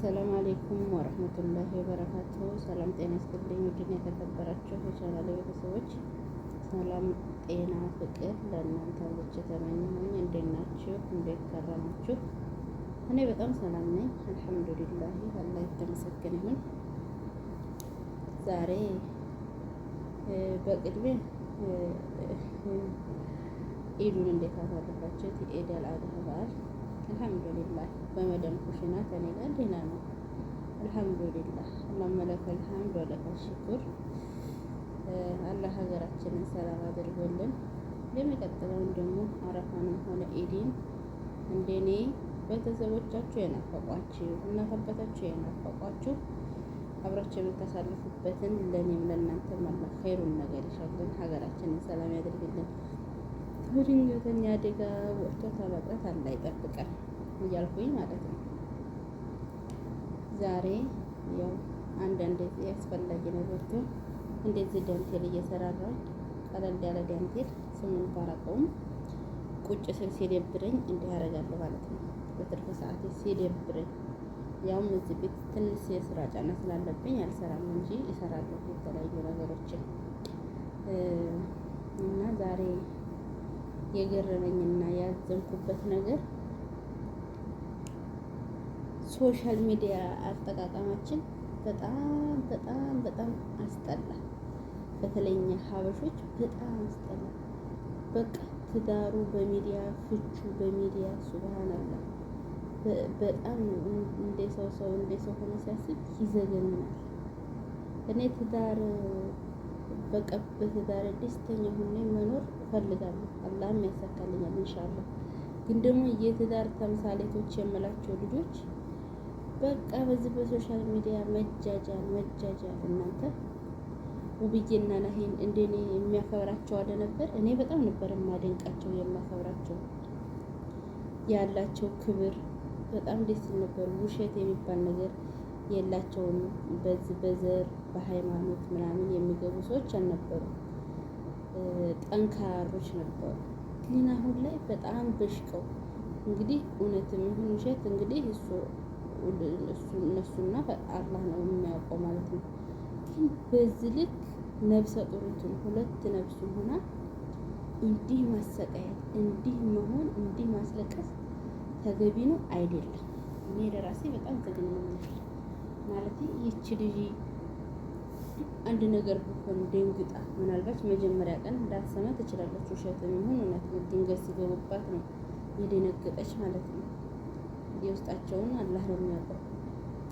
አሰላሙ አሌይኩም ወረህመቱላሂ ወበረካቱ። ሰላም ጤና ይስጥልኝ። ውድና የተከበራችሁ የቻናሌ ቤተሰቦች ሰላም፣ ጤና፣ ፍቅር ለእናንተ ብቻ ተመኘሁኝ። እንዴት ናችሁ? እንዴት ከረማችሁ? እኔ በጣም ሰላም ነኝ አልሐምዱሊላህ። አላህ የተመሰገነ ይሁን። ዛሬ በቅድሚያ ኢዱን እንዴት አሳለፋችሁት? የኢድ አል አድሃ በዓል አልሐምዱሊላህ በመደም ኩሽና ከኔ ጋር ደህና ነው። አልሐምዱሊላህ አላመለከል ሐምድ ወለከል ሽኩር። አላህ ሀገራችንን ሰላም አድርጎልን የሚቀጥለውን ደግሞ አረፋንም ሆነ ኢዲን እንደኔ ቤተሰቦቻችሁ የናፈቋችሁ እናት አባታችሁ የናፈቋችሁ አብራችሁ የምታሳልፉበትን ለእኔም ለእናንተም አላህ ኸይሩን ነገር ይሻልን፣ ሀገራችንን ሰላም ያድርግልን። ድንገተኛ አደጋ ወጥቶ ተመቅረት እንዳይጠብቀን እያልኩኝ ማለት ነው። ዛሬ ያው አንዳንድ ያስፈላጊ ነገሮችን እንደዚህ ዳንቴል እየሰራራሁ ቀለል ያለ ዳንቴል ስሙን ባላውቀውም ቁጭ ስል ሲደብረኝ እንዲህ ያደርጋለሁ ማለት ነው። በትርፍ ሰዓት ሲደብረኝ ያውም እዚህ ቤት ትንሽ የስራ ጫና ስላለብኝ አልሰራም እንጂ እሰራለሁ የተለያዩ ነገሮችን እና ዛሬ የገረመኝና ያዘንኩበት ነገር ሶሻል ሚዲያ አጠቃቀማችን በጣም በጣም በጣም አስጠላ። በተለይ ሀበሾች በጣም አስጠላ። በቃ ትዳሩ በሚዲያ ፍቹ በሚዲያ ሱብሃንአላህ። በጣም እንደ ሰው ሰው እንደ ሰው ሆኖ ሲያስብ ይዘገንናል። እኔ ትዳር በቃ በትዳሬ ደስተኛ ሆኜ መኖር እፈልጋለሁ። አላህም ያሳካልኛል ኢንሻአላህ። ግን ደግሞ የትዳር ተምሳሌቶች የምላቸው ልጆች በቃ በዚህ በሶሻል ሚዲያ መጃጃል መጃጃል። እናንተ ውብዬና ናሂን እንደኔ የሚያከብራቸው አለ ነበር። እኔ በጣም ነበር የማደንቃቸው የማከብራቸው ያላቸው ክብር በጣም ደስ ነበር። ውሸት የሚባል ነገር የላቸውም። በዚህ በዘር በሃይማኖት ምናምን የሚገቡ ሰዎች አልነበሩም። ጠንካሮች ነበሩ። ግን አሁን ላይ በጣም በሽቀው እንግዲህ እውነትም ይሁን ውሸት እንግዲህ እሱ እነሱና አላህ ነው የሚያውቀው ማለት ነው። ግን በዚህ ልክ ነብሰ ጡሪቱን ሁለት ነብሱ ሆና እንዲህ ማሰቃየት፣ እንዲህ መሆን፣ እንዲህ ማስለቀስ ተገቢ ነው አይደለም። እኔ ለራሴ በጣም ተገኝ ነው ማለት ይቺ ልጅ አንድ ነገር ብሆን ደንግጣ ምናልባት መጀመሪያ ቀን እንዳትሰማ ትችላለች። ውሸትም ይሁን እውነት ድንገት ሲገቡባት ነው የደነገጠች ማለት ነው። የውስጣቸውን አላህ ነው የሚያውቀው።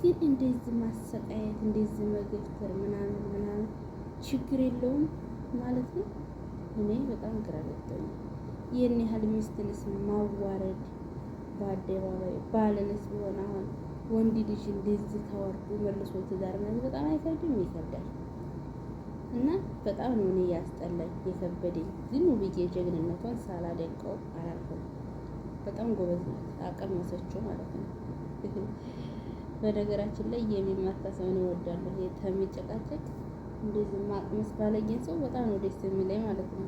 ግን እንደዚህ ማሰቃየት፣ እንደዚህ መገፍተር ምናምን ምናምን ችግር የለውም ማለት ነው። እኔ በጣም ግራ ገብቶኛል። ይህን ያህል ሚስትንስ ማዋረድ በአደባባይ ባልንስ ቢሆን አሁን ወንድ ልጅ እንደዚህ ተወርዶ መልሶ ትዳር ማለት በጣም አይከብድም? ይከብዳል። እና በጣም ነው እኔ ያስጠላኝ የከበደኝ። ዝም ብዬ ጀግንነቷን ሳላደንቀው አላልኩም። በጣም ጎበዝ ናት። አቀመሰችው ማለት ነው። በነገራችን ላይ የሚማታ ነው እወዳለሁ። የተሚጨቃጨቅ እንደዚህ ማቅመስ ባለኝ ሰው በጣም ነው ደስ የሚለኝ ማለት ነው።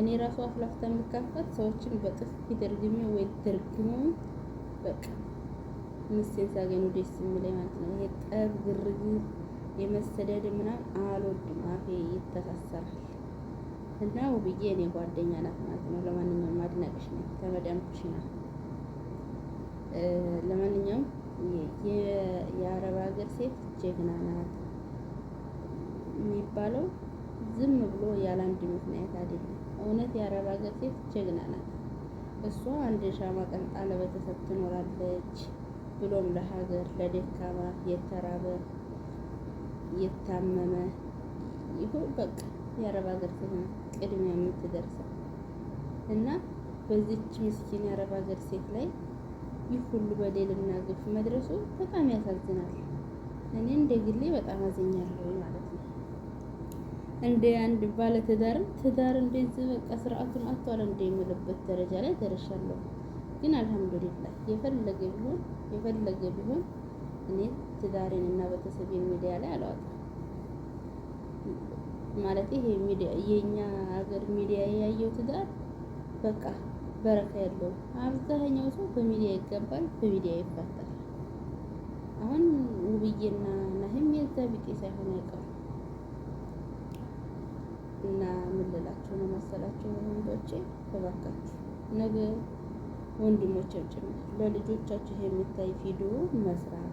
እኔ ራሱ አፍላፍታ የምካፈት ሰዎችን በጥፍ ድርግሜ ወይ ድርግሙ በቃ ሚስቴን ሳገኝ ደስ የሚለኝ ማለት ነው። ይሄ ጠብ፣ ግርግር፣ የመሰደድ ምናምን አልወድም። አፌ ይተሳሰራል እና ውብዬ እኔ ጓደኛ ናት ማለት ነው። ለማንኛውም ማድነቅሽ ነው ተመዳምኩሽ ነው። ለማንኛውም የአረብ ሀገር ሴት ጀግና ናት የሚባለው ዝም ብሎ ያለ አንድ ምክንያት አይደለም። እውነት የአረብ ሀገር ሴት ጀግና ናት። እሷ አንድ ሻማ ቀንጣ ለቤተሰብ ትኖራለች። ብሎም ለሀገር ለደካማ የተራበ የታመመ ይሁን በቃ የአረብ ሀገር ሴት ቅድሚያ የምትደርሰው እና በዚች ምስኪን የአረብ ሀገር ሴት ላይ ይህ ሁሉ በደልና ግፍ መድረሱ በጣም ያሳዝናል። እኔ እንደ ግሌ በጣም አዝኛለሁ ማለት ነው። እንደ አንድ ባለ ትዳርም ትዳር እንደዚህ በቃ ስርዓቱን እንደ የምልበት ደረጃ ላይ ደርሻለሁ። ግን አልሐምዱሊላህ የፈለገ ቢሆን የፈለገ ቢሆን እኔ ትዳሬን እና ቤተሰቤን ሚዲያ ላይ አላወጣም። ማለት ይሄ ሚዲያ የኛ ሀገር ሚዲያ ያየው ትዳር በቃ በረካ ያለው አብዛኛው ሰው በሚዲያ ይገባል፣ በሚዲያ ይፋታል። አሁን ውብዬና ናህም የዛ ቢጤ ሳይሆን አይቀሩ እና ምን ነው መሰላችሁ ወንዶቼ እባካችሁ ነገ ወንድሞቻችን ለልጆቻችሁ የሚታይ ቪዲዮ መስራት።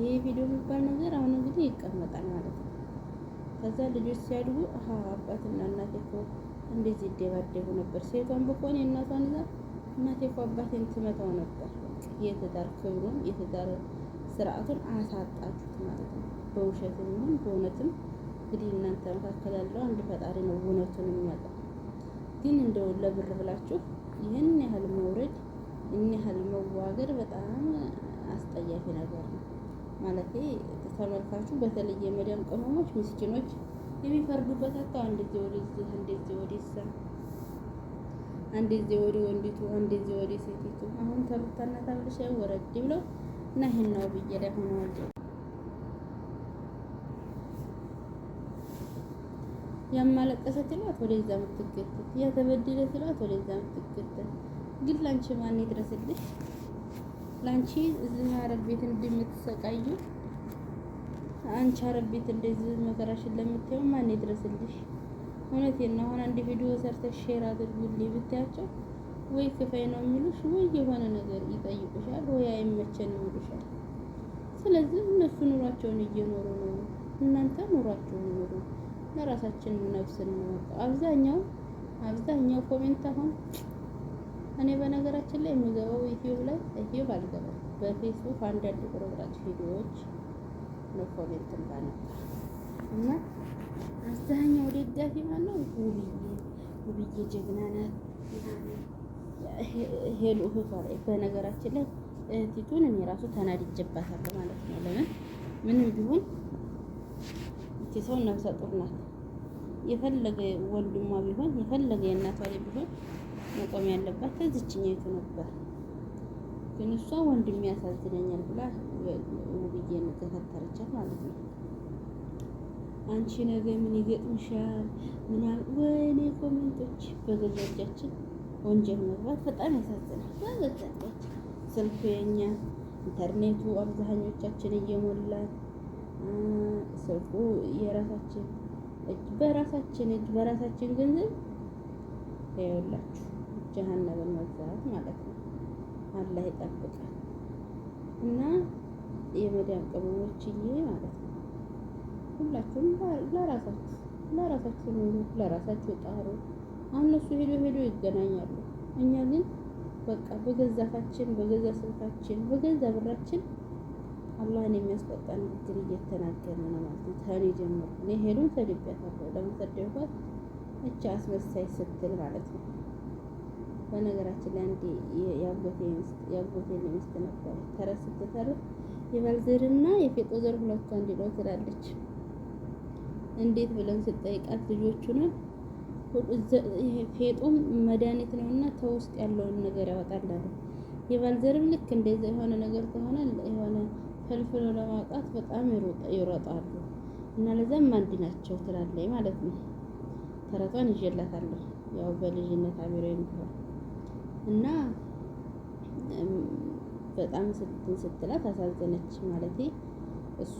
ይህ ቪዲዮ የሚባል ነገር አሁን እንግዲህ ይቀመጣል ማለት ነው። ከዛ ልጆች ሲያድጉ አሀ አባትና እናቴ እኮ እንደዚህ ይደባደቡ ነበር፣ ሴቷን በኮን የእናቷን ዛ እናቴ እኮ አባቴን ትመታው ነበር። የትዳር ክብሩን የትዳር ስርዓቱን አሳጣችሁት ማለት ነው። በውሸትም ይሁን በእውነትም እንግዲህ እናንተ መካከል ያለው አንድ ፈጣሪ ነው እውነቱን የሚያውቀው። ግን እንደው ለብር ብላችሁ ይህን ያህል መውረድ ይህን ያህል መዋገር በጣም አስጠያፊ ነገር ነው። ማለት ተመልካቹ በተለይ የመዳም ቅመሞች ምስኪኖች የሚፈርዱበት አካው እንደዚህ ወደዚህ፣ እንደዚህ ወደዛ፣ እንደዚህ ወደ ወንዲቱ፣ እንደዚህ ወደ ሴቲቱ አሁን ተብታና ታብልሻ ወረድ ብለው እና ይህን ነው ብዬ ላይ ሆነ ያማለቀሰ ትሏት ወደዛ የምትገተት ያተበደለ ትሏት ወደዛ የምትገተት ግን ላንቺ ማን ይድረስልሽ? ላንቺ እዚህ አረብ ቤት እንደምትሰቃዩ አንቺ አረብ ቤት እንደዚህ መከራሽን ለምታየው ማን ይድረስልሽ? እውነቴን ነው። አሁን አንድ ቪዲዮ ሰርተሽ ሼር አድርጉልኝ ብታያቸው ወይ ክፈይ ነው የሚሉሽ፣ ወይ የሆነ ነገር ይጠይቁሻል፣ ወይ አይመቸን ይሉሻል። ስለዚህ እነሱ ኑሯቸውን እየኖሩ ነው፣ እናንተ ኑሯቸውን ለራሳችን ነፍስ እንወቅ። አብዛኛው አብዛኛው ኮሜንት አሁን እኔ በነገራችን ላይ የሚገባው ዩቲዩብ ላይ ዩቲዩብ አልገባም። በፌስቡክ አንዳንድ ቁርጥራጭ ቪዲዮዎች ነው ኮሜንት ባነባ እና አብዛኛው ደጋፊ ማነው? ውብዬ ውብዬ ጀግና ናት። ሄሉ በነገራችን ላይ ቲቱን እኔ ራሱ ተናድጄባታለሁ ማለት ነው። ለምን ምንም ቢሆን እቺ ሰው ነፍሰ ጡር ናት። የፈለገ ወንድሟ ቢሆን የፈለገ የእናቷ ላይ ቢሆን መቆም ያለባት ከዚችኛይቱ ነበር። ግን እሷ ወንድም ያሳዝነኛል ብላ ውብዬ ተከተረቻት ማለት ነው። አንቺ ነገ ምን ይገጥምሻል? ምና ወይኔ ኮሜንቶች በገዛ እጃችን ወንጀል መግባት በጣም ያሳዝናል። በገዛ እጃችን ስልኩ የኛ ኢንተርኔቱ አብዛኞቻችን እየሞላል ስልኩ የራሳችን እጅ በራሳችን እጅ በራሳችን ገንዘብ ያውላችሁ ጀሀነብን መግዛት ማለት ነው። አላህ ይጠብቃል። እና የመዳም ቅመሞችዬ ማለት ነው ሁላችሁም ለራሳችሁ ለራሳችሁ ኑሩ፣ ለራሳችሁ ጣሩ። እነሱ ሄዶ ሄዶ ይገናኛሉ። እኛ ግን በቃ በገዛታችን በገዛ ስልካችን በገዛ ብራችን አላህን የሚያስቆጣን ንግግር እየተናገረ ነው ማለት ነው። ተኔ ጀምሮ እኔ ሄዱን ሰድቤያታለሁ። ለምን ሰደብኳት? እቻ አስመሳይ ስትል ማለት ነው። በነገራችን ላይ አንድ የአጎቴ ሚስት ነበር ተረት ስትተርት የባልዘርና የፌጦ ዘር ሁለቱ አንድ ነው ትላለች። እንዴት ብለን ስጠይቃት ልጆቹንም ፌጦም መድኃኒት ነው እና ተውስጥ ያለውን ነገር ያወጣላለን። የባልዘርም ልክ እንደዚያ የሆነ ነገር ከሆነ የሆነ ፈልፍሎ ለማውጣት በጣም ይሮጣሉ እና ለዛም አንድ ናቸው ትላለች ማለት ነው። ተረቷን ይዤላታለሁ ያው በልጅነት አብሮ የሚሆን እና በጣም ስትን ስትላት አሳዘነች ማለት እሷ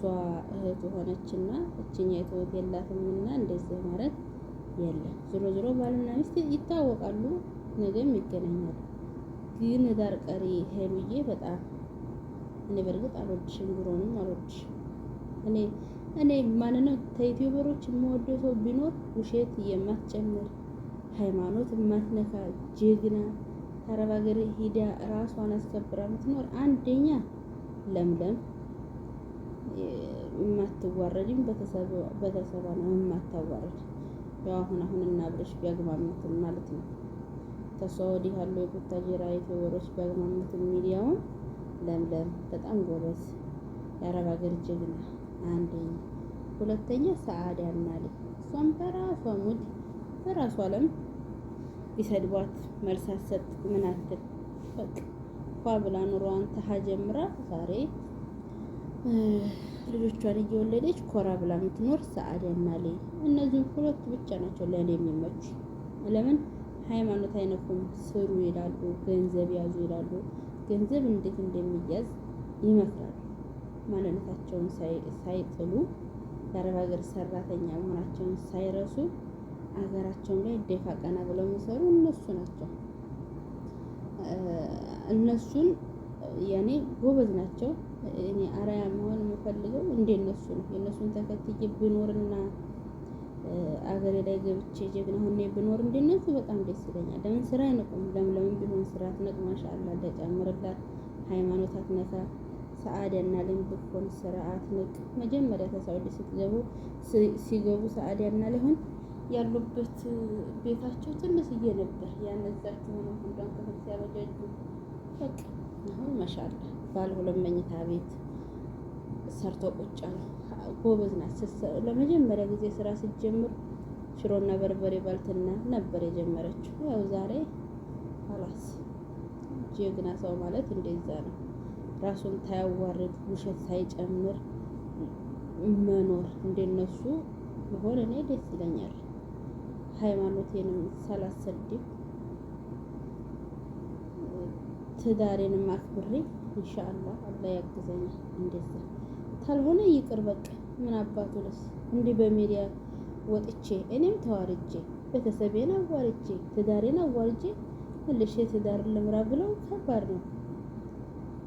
እህት ሆነችና እችኛ የተወት የላትምና እንደዚህ ማለት የለም። ዞሮ ዞሮ ባልና ሚስት ይታወቃሉ፣ ነገም ይገናኛሉ። ግን ዳር ቀሪ ሄሉዬ በጣም እኔ በእርግጥ አልወድሽም፣ ድሮንም አልወድሽም። እኔ እኔ ማንነት ከዩቲዩበሮች የምወደው ሰው ቢኖር ውሸት የማትጨምር ሃይማኖት የማትነካ ጀግና ከአረብ ሀገር ሂዳ ራሷን አስከብራ የምትኖር አንደኛ ለምለም የማትዋረድም በተሰባ ነው የማታዋረድ። ያው አሁን አሁን እናብረሽ ቢያግማሙትም ማለት ነው ከሷ ወዲህ ያለው የቡታጀራ ኢትዮጵያኖች ቢያግማሙትም ሚዲያውን ለምለም በጣም ጎበዝ የአረብ ሀገር ጀግና አንደኛ፣ ሁለተኛ ሰዓዳ ናል። እሷም በራሷ ሙድ በራሷ ለም ቢሰድቧት መልስ አትሰጥ ምን አትል በቃ ብላ ኑሯን ተሃ ጀምራ ዛሬ ልጆቿን እየወለደች ኮራ ብላ የምትኖር ሰአድ ናል። እነዚህ ሁለቱ ብቻ ናቸው ለእኔ የሚመች ለምን ሃይማኖት አይነኩም፣ ስሩ ይላሉ፣ ገንዘብ ያዙ ይላሉ ገንዘብ እንዴት እንደሚያዝ ይመክራሉ። ማንነታቸውን ሳይጥሉ የአረብ ሀገር ሰራተኛ መሆናቸውን ሳይረሱ ሀገራቸውን ላይ ደፋ ቀና ብለው የሚሰሩ እነሱ ናቸው። እነሱን ያኔ ጎበዝ ናቸው። እኔ አርአያ መሆን የምፈልገው እንደነሱ ነው። የእነሱን ተከትዬ ብኖርና አገሬ ላይ ገብቼ ጀግና ሆኜ ብኖር እንደነሱ በጣም ደስ ይለኛል። ለምን ስራ አይነቁም። ለምለምን ቢሆን ስራ ትነቅ። ማሻአላ ለጨምርላት ሃይማኖት አትነካ። ሰዓዳና ልምድ ብኮን ስራ አትነቅ። መጀመሪያ ተሳውዲ ስትገቡ ሲገቡ ሰዓዳና ሊሆን ያሉበት ቤታቸው ትንሽዬ ነበር። ያነዛችሁ ሆነ ሁሉን ክፍል ሲያበጃጁ በቃ አሁን ማሻአላ ባለ ሁለት መኝታ ቤት ሰርቶ ቁጭ ነው። ጎበዝ ናት። ለመጀመሪያ ጊዜ ስራ ስትጀምር ሽሮና በርበሬ ባልትና ነበር የጀመረችው። ያው ዛሬ ላስ ጀግና ሰው ማለት እንደዛ ነው። ራሱን ሳያዋርድ ውሸት ሳይጨምር መኖር እንደነሱ ቢሆን እኔ ደስ ይለኛል። ሃይማኖቴንም ሳላሰድብ ትዳሬንም አክብሬ ኢንሻአላህ አላህ ያግዘኛል እንደዛ ካልሆነ ይቅር በቃ ምን አባቱ ልስ እንዲህ በሚዲያ ወጥቼ እኔም ተዋርጄ ቤተሰቤን አዋርጄ ትዳሬን አዋርጄ ትልሽ ትዳር ልምራ ብለው ከባድ ነው።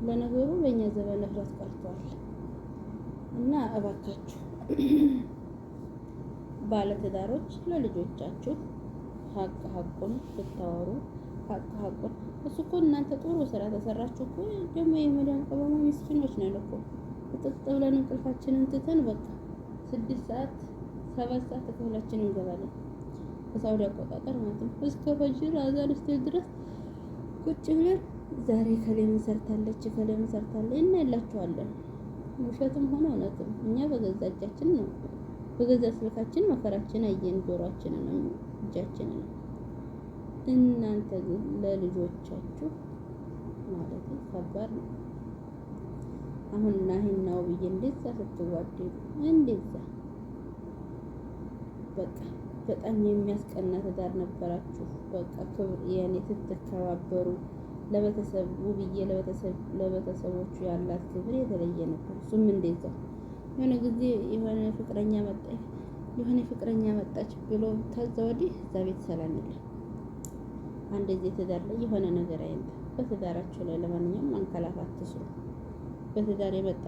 ለነገሩ በእኛ ዘመን እፍረት ቀርቷል እና እባካችሁ ባለትዳሮች ለልጆቻችሁ ሀቅ ሀቁን ስታወሩ ሀቅ ሀቁን እሱ እኮ እናንተ ጥሩ ስራ ተሰራችሁ እኮ ደግሞ የመዳን ቀበሞ ምስኪኖች ነን እኮ ቁጥጥ ብለን እንቅልፋችንን ትተን በቃ ስድስት ሰዓት ሰባት ሰዓት ከሁላችን እንገባለን ከሳውዲ አቆጣጠር ማለት ነው። እስከ ፈጅር አዛን እስቴ ድረስ ቁጭ ብለን ዛሬ ከሌምን ሰርታለች ከሌምን ሰርታለች እና ያላችኋለን ውሸትም ሆነ እውነትም እኛ በገዛ እጃችን ነው በገዛ ስልካችን መከራችን አየን፣ ጆሯችን ነው እጃችን ነው። እናንተ ግን ለልጆቻችሁ ማለት ከባድ ነው። አሁን ና ህናው ብዬ እንደዛ ስትዋደዱ እንደዛ በቃ በጣም የሚያስቀና ትዳር ነበራችሁ። በቃ ክብር የኔ ስትከባበሩ ለቤተሰብ ውብዬ ለቤተሰቦቹ ያላት ክብር የተለየ ነበር። እሱም እንደዛ የሆነ ጊዜ የሆነ ፍቅረኛ መጣች የሆነ ፍቅረኛ መጣች ብሎ ተዛ ወዲህ እዛ ቤት ሰላም የለም። አንድ ጊዜ ትዳር ላይ የሆነ ነገር አይነት በትዳራቸው ላይ ለማንኛውም አንከላፋት ትስሩ። በትዳር የመጣ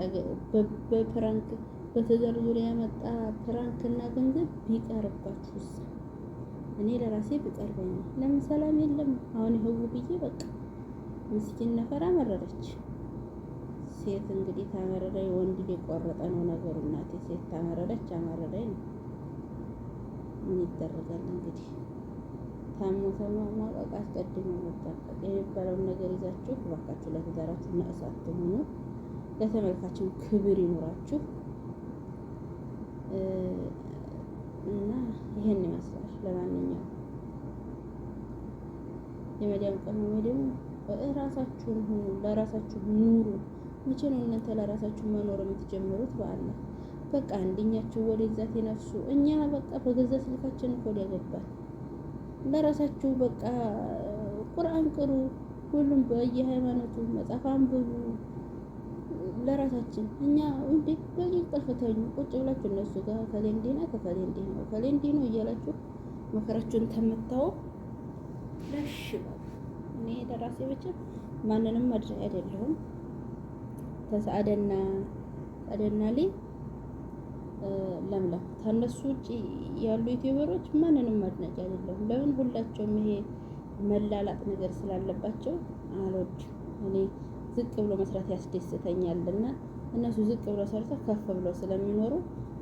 በፕራንክ በትዳር ዙሪያ የመጣ ፕራንክ እና ገንዘብ ቢቀርባችሁስ? እኔ ለራሴ ብቀርበኝ ለምን ሰላም የለም? አሁን ይኸው ብዬ በቃ ምስኪን ነፈራ አመረረች። ሴት እንግዲህ ታመረረኝ፣ ወንድ እየቆረጠ ነው ነገሩ። እናቴ ሴት ታመረረች፣ አመረረኝ ነው። ምን ይደረጋል እንግዲህ ታሞ ከመሟቀቅ አስቀድሞ መጠንቀቅ የሚባለውን ነገር ይዛችሁ እባካችሁ ለትዳራችሁ ነቅሳት ሆኑ። ለተመልካችን ክብር ይኖራችሁ እና ይሄን ይመስላል። ለማንኛውም የመዲያም ቀመመ ደግሞ እራሳችሁን ሁኑ፣ ለራሳችሁ ኑሩ። መቼ ነው እናንተ ለራሳችሁ መኖር የምትጀምሩት? በአለ በቃ አንደኛችሁ ወደ ግዛት የነፍሱ እኛ በቃ በገዛ ስልካችን እኮ ያገባል። ለራሳችሁ በቃ ቁርአን ቅሩ፣ ሁሉም በየሃይማኖቱ መጽሐፍ አንብቡ። ለራሳችን እኛ እንዴ በዚህ ተኙ ቁጭ ብላችሁ እነሱ ጋር ከሌ እንዲህ ነው ከሌ እንዲህ ነው ከሌ እንዲህ ነው እያላችሁ መከራችሁን ተመታው ለሽ እኔ ለራሴ ብቻ ማንንም አድናቂ አይደለሁም። ተሳአደና ሳአደና ሊ ለምለም ከነሱ ውጭ ያሉ ዩቲዩበሮች ማንንም አድናቂ አይደለሁም። ለምን ሁላቸውም ይሄ መላላጥ ነገር ስላለባቸው አልወድም እኔ ዝቅ ብሎ መስራት ያስደስተኛል እና እነሱ ዝቅ ብሎ ሰርተው ከፍ ብሎ ስለሚኖሩ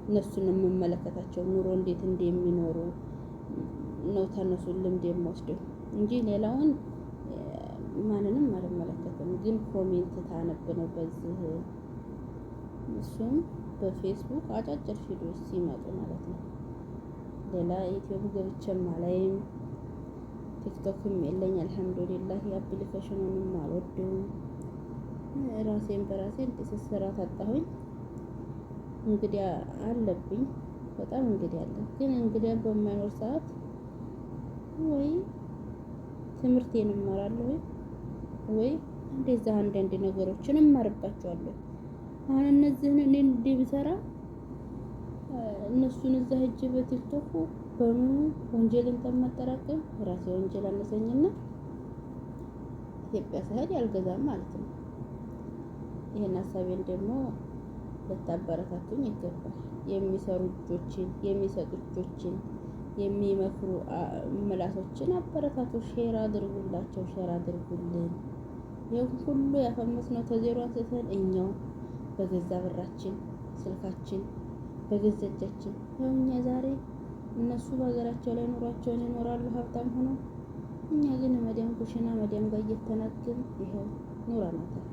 እነሱን የምመለከታቸው ኑሮ እንዴት እንደሚኖሩ ነው ተነሱ ልምድ የምወስደው እንጂ ሌላውን ማንንም አልመለከትም። ግን ኮሜንት ታነብ ነው በዚህ እሱም በፌስቡክ አጫጭር ቪዲዮች ሲመጡ ማለት ነው። ሌላ ዩቲዩብ ገብቼም አላይም። ቲክቶክም የለኝ አልሐምዱሊላህ። የአፕሊኬሽኑንም አልወደውም። ራሴን በራሴ ስራ ታጣሁኝ። እንግዲህ አለብኝ በጣም እንግዲህ አለ። ግን እንግዲህ በማይኖር ሰዓት ወይ ትምህርቴን እማራለሁ ወይ እንደዛ አንዳንድ ነገሮችን እማርባቸዋለሁ። አሁን እነዚህን እኔ እንዲህ ብሰራ እነሱን እዛ ሂጅ በቲክቶክ በምኑ ወንጀልን ከማጠራቀም ራሴ ወንጀል አነሰኝና ኢትዮጵያ ሳይሄድ ያልገዛም ማለት ነው። ይህን ሀሳቤን ደግሞ ልታበረታቱኝ ይገባል። የሚሰሩ እጆችን፣ የሚሰጡ እጆችን፣ የሚመክሩ ምላሶችን አበረታቱ። ሼር አድርጉላቸው፣ ሼር አድርጉልን። ይህ ሁሉ ያፈመስነው ተዜሮ አንስተን እኛው በገዛ ብራችን ስልካችን በገዛ እጃችን ያው እኛ ዛሬ እነሱ በሀገራቸው ላይ ኑሯቸውን ይኖራሉ ሀብታም ሆኖ እኛ ግን መዲያም ኩሽና መዲያም ጋር እየተናገን ይኸው ኑረናታል።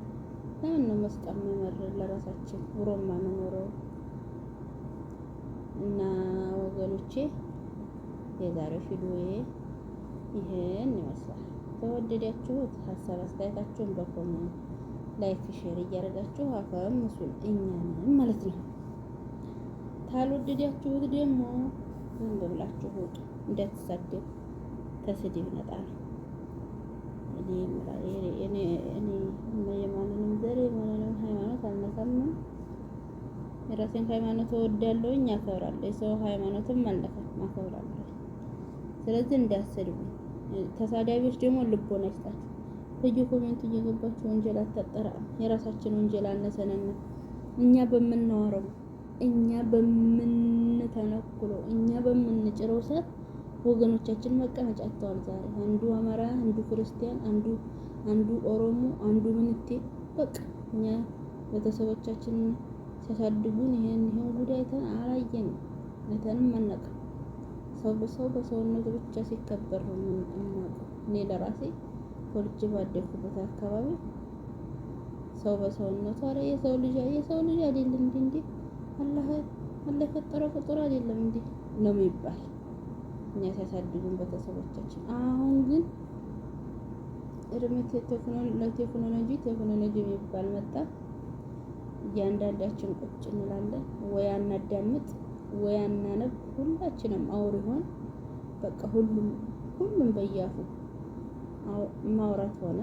ለምን ነው መስቀል መመረር ለራሳችን ኑሮማ መኖረው እና ወገኖቼ የዛሬው ቪዲዮዬ ይህን ይመስላል። ተወደዳችሁት ሀሳብ አስተያየታችሁን በኮሜንት ላይክ፣ ሼር እያደረጋችሁ አፈም ሙሱን እኛንም ማለት ነው። ካልወደዳችሁት ደግሞ ዝም ብላችሁ እንደተሳደብ ተስድብ ነጣ ነው። ብዬ እኔ የማንንም ዘር የማንንም ሃይማኖት አልነካምም። የራሴን ሃይማኖት እወዳለሁኝ፣ አከብራለሁ። የሰው ሃይማኖትም አልነካም፣ አከብራለሁ። ስለዚህ እንዳያሰድቡኝ። ተሳዳቢዎች ደግሞ ልቦና ይስጣችሁ። በየኮሜንቱ እየገባችሁ ወንጀል አታጠራ። የራሳችን ወንጀል አነሰንና እኛ በምናወረው እኛ በምንተነኩለው እኛ በምንጭረው ሰዓት ወገኖቻችን መቀመጫ አጥተዋል። ዛሬ አንዱ አማራ፣ አንዱ ክርስቲያን፣ አንዱ አንዱ ኦሮሞ፣ አንዱ ምንቴ በቃ እኛ ቤተሰቦቻችን ሲያሳድጉን ይሄን ይሄን ጉዳይ ተን አላየን አይተንም መነቀ ሰው በሰው በሰውነት ብቻ ሲከበር ነው የምናውቀው። እኔ ለራሴ ኮልጅ ባደኩበት አካባቢ ሰው በሰውነቱ አረ የሰው ልጅ የሰው ልጅ አይደለም እንዴ አላህ አላህ ፈጠረ ፍጡር አይደለም እንዴ ነው የሚባል እኛ ሲያሳድጉን ቤተሰቦቻችን። አሁን ግን እድሜ ለቴክኖሎጂ ቴክኖሎጂ የሚባል መጣ። እያንዳንዳችን ቁጭ እንላለን፣ ወይ አናዳምጥ፣ ወይ አናነብ። ሁላችንም አውር ይሆን በቃ ሁሉም ሁሉም በያፉ ማውራት ሆነ።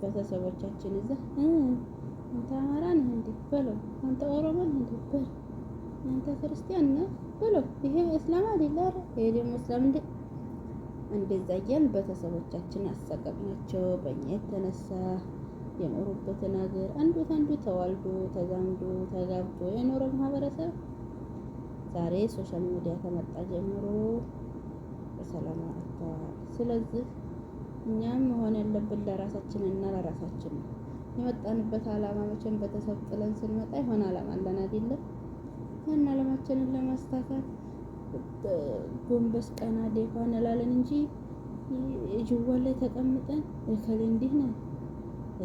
ቤተሰቦቻችን እዛ አንተ አማራ ነህ እንዴ በለው፣ አንተ ኦሮሞ ነህ እንዴ በለው ክርስቲያን ነህ ብሎ ይሄ እስላም አይደል? ኧረ ይሄ ደግሞ እስላም እንደ እንደዛ እያል ቤተሰቦቻችን አሰቀቅናቸው። በእኛ የተነሳ የኖሩበትን ሀገር አንዱ አንዱ ተዋልዶ ተዛምዶ ተጋብቶ የኖረ ማህበረሰብ ዛሬ ሶሻል ሚዲያ ከመጣ ጀምሮ በሰላም አጥቷል። ስለዚህ እኛም መሆን ያለብን ለራሳችን እና ለራሳችን ነው። የመጣንበት አላማ መቼም ቤተሰብ ጥለን ስንመጣ የሆነ አላማ አለን አይደለም ያን አለማችንን ለማስታካት ጎንበስ ቀና ደፋ እንላለን እንጂ ጅዋ ላይ ተቀምጠን እከሌ እንዲህ ነው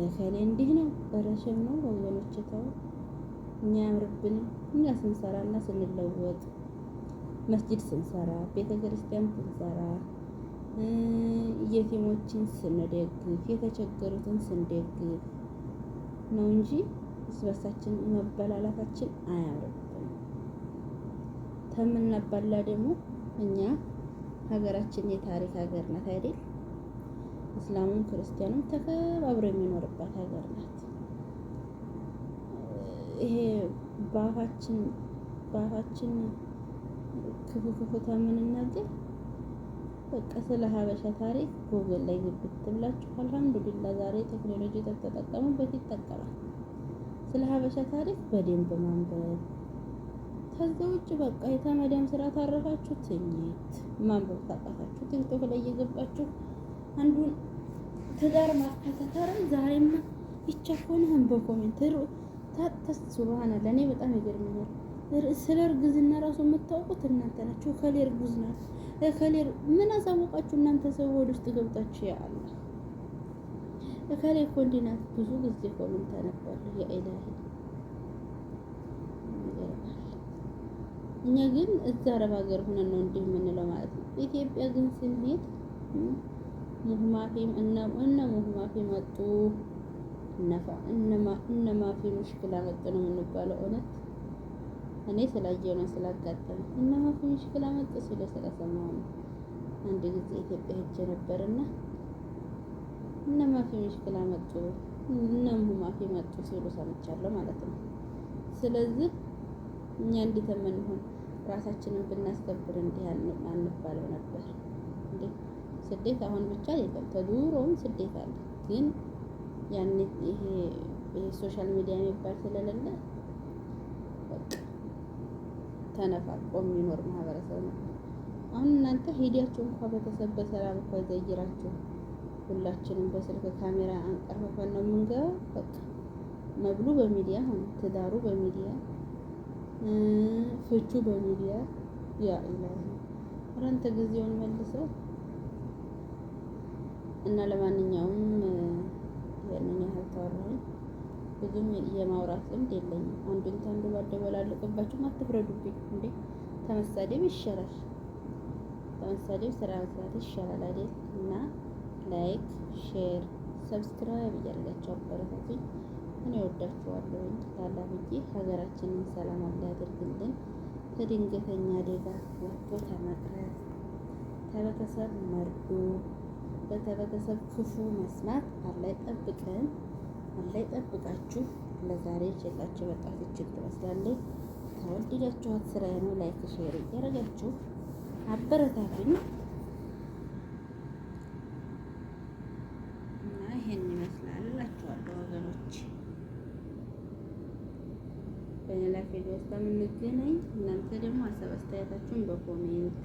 እከሌ እንዲህ ነው በረሸም ነው ወገኖች ተው። እኛ ያምርብን እኛ ስንሰራና ስንለወጥ መስጂድ ስንሰራ ቤተ ክርስቲያን ስንሰራ የቲሞችን ስንደግፍ የተቸገሩትን ስንደግፍ ነው እንጂ ስበሳችን መበላላታችን አያምርም። ተምናባላ ደግሞ እኛ ሀገራችን የታሪክ ሀገር ናት አይደል? እስላሙም ክርስቲያኑም ተከባብሮ የሚኖርባት ሀገር ናት። ይሄ በአፋችን በአፋችን ክፉ ክፉ ተምንናገር በቃ ስለ ሀበሻ ታሪክ ጎግል ላይ ግብት ብላችሁ አልሐምዱሊላ ዛሬ ቴክኖሎጂ ተጠቀሙበት ይጠቀማል። ስለ ሀበሻ ታሪክ በደንብ ማንበብ ከዛ ውጭ በቃ የተመዳም ስራ ታረፋችሁ ትኝት ማንበብ ታቃታችሁ ቲክቶክ ላይ እየገባችሁ አንዱን ትዳር ማካተታረ ዛሬማ ይቻኮንህን በኮሜንት ታጥተስ ሱብሃና ለእኔ በጣም ይገርመኛል። ስለ እርግዝና ራሱ የምታውቁት እናንተ ናችሁ። ከሌ እርጉዝ ናት ከሌ ምን አሳወቃችሁ እናንተ ሰው ወደ ውስጥ ገብታችሁ ያለ ከሌ ኮንዲናት ብዙ ጊዜ ኮሜንት ነበር የኢላሂ እኛ ግን እዛ አረብ ሀገር ሆነን ነው እንዲህ የምንለው ማለት ነው። ኢትዮጵያ ግን ስንሄድ ሙህማፊ እነ ሙህማፊ መጡ እነ ማፊ ሙሽክላ መጡ ነው የምንባለው። እውነት እኔ ስላየው ነው ስላጋጠመ እነ ማፊ ሙሽክላ መጡ ስለ ስለሰማሁ ነው። አንድ ጊዜ ኢትዮጵያ ሄጄ ነበርና እነ ማፊ ሙሽክላ መጡ እነ ሙህማፊ መጡ ሲሉ ሰምቻለሁ ማለት ነው። ስለዚህ እኛ እንዴት የምንሆን ራሳችንን ብናስከብር እንዲህ አንባለው ነበር እንዴ? ስደት አሁን ብቻ አይደለም፣ ከዱሮም ስደት አለ። ግን ያኔ ይሄ ሶሻል ሚዲያ የሚባል ስለሌለ ተነፋቆ የሚኖር ማህበረሰብ ነው። አሁን እናንተ ሄዳችሁ እንኳ ቤተሰብ በሰላም እኮ ይዘይራችሁ። ሁላችንም በስልክ ካሜራ አንቀርፈን ነው የምንገባው። በቃ መብሉ በሚዲያ ሆነ፣ ትዳሩ በሚዲያ ፍቹ በሚዲያ ያ ረንተ ጊዜውን መልሰው እና ለማንኛውም ያንን ያህል ታወራሁኝ። ብዙም የማውራት ልምድ የለኝም። አንዱን ታንዱ ባደበላለቅባችሁም አትፍረዱብኝ እንዴ። ተመሳደብ ይሻላል፣ ተመሳደብ ስራ መስራት ይሻላል አይደል? እና ላይክ፣ ሼር፣ ሰብስክራይብ እያደረጋችሁ አበረታቱኝ። እኔ ወዳችኋለሁ ላላ ብዬ ሀገራችንን ሰላም አላህ ያደርግልን። ከድንገተኛ አደጋ ወጥቶ ከመቅረት ከቤተሰብ መርዶ በተቤተሰብ ክፉ መስማት አላህ ይጠብቀን፣ አላህ ይጠብቃችሁ። ለዛሬ ሸጣችሁ በጣት ይችል ትመስላለች። ተወደዳችኋት ስራዬ ነው። ላይክ ሼር እያደረጋችሁ አበረታቱኝ። እስክንገናኝ እናንተ ደግሞ ሀሳብ አስተያየታችሁን በኮሜንት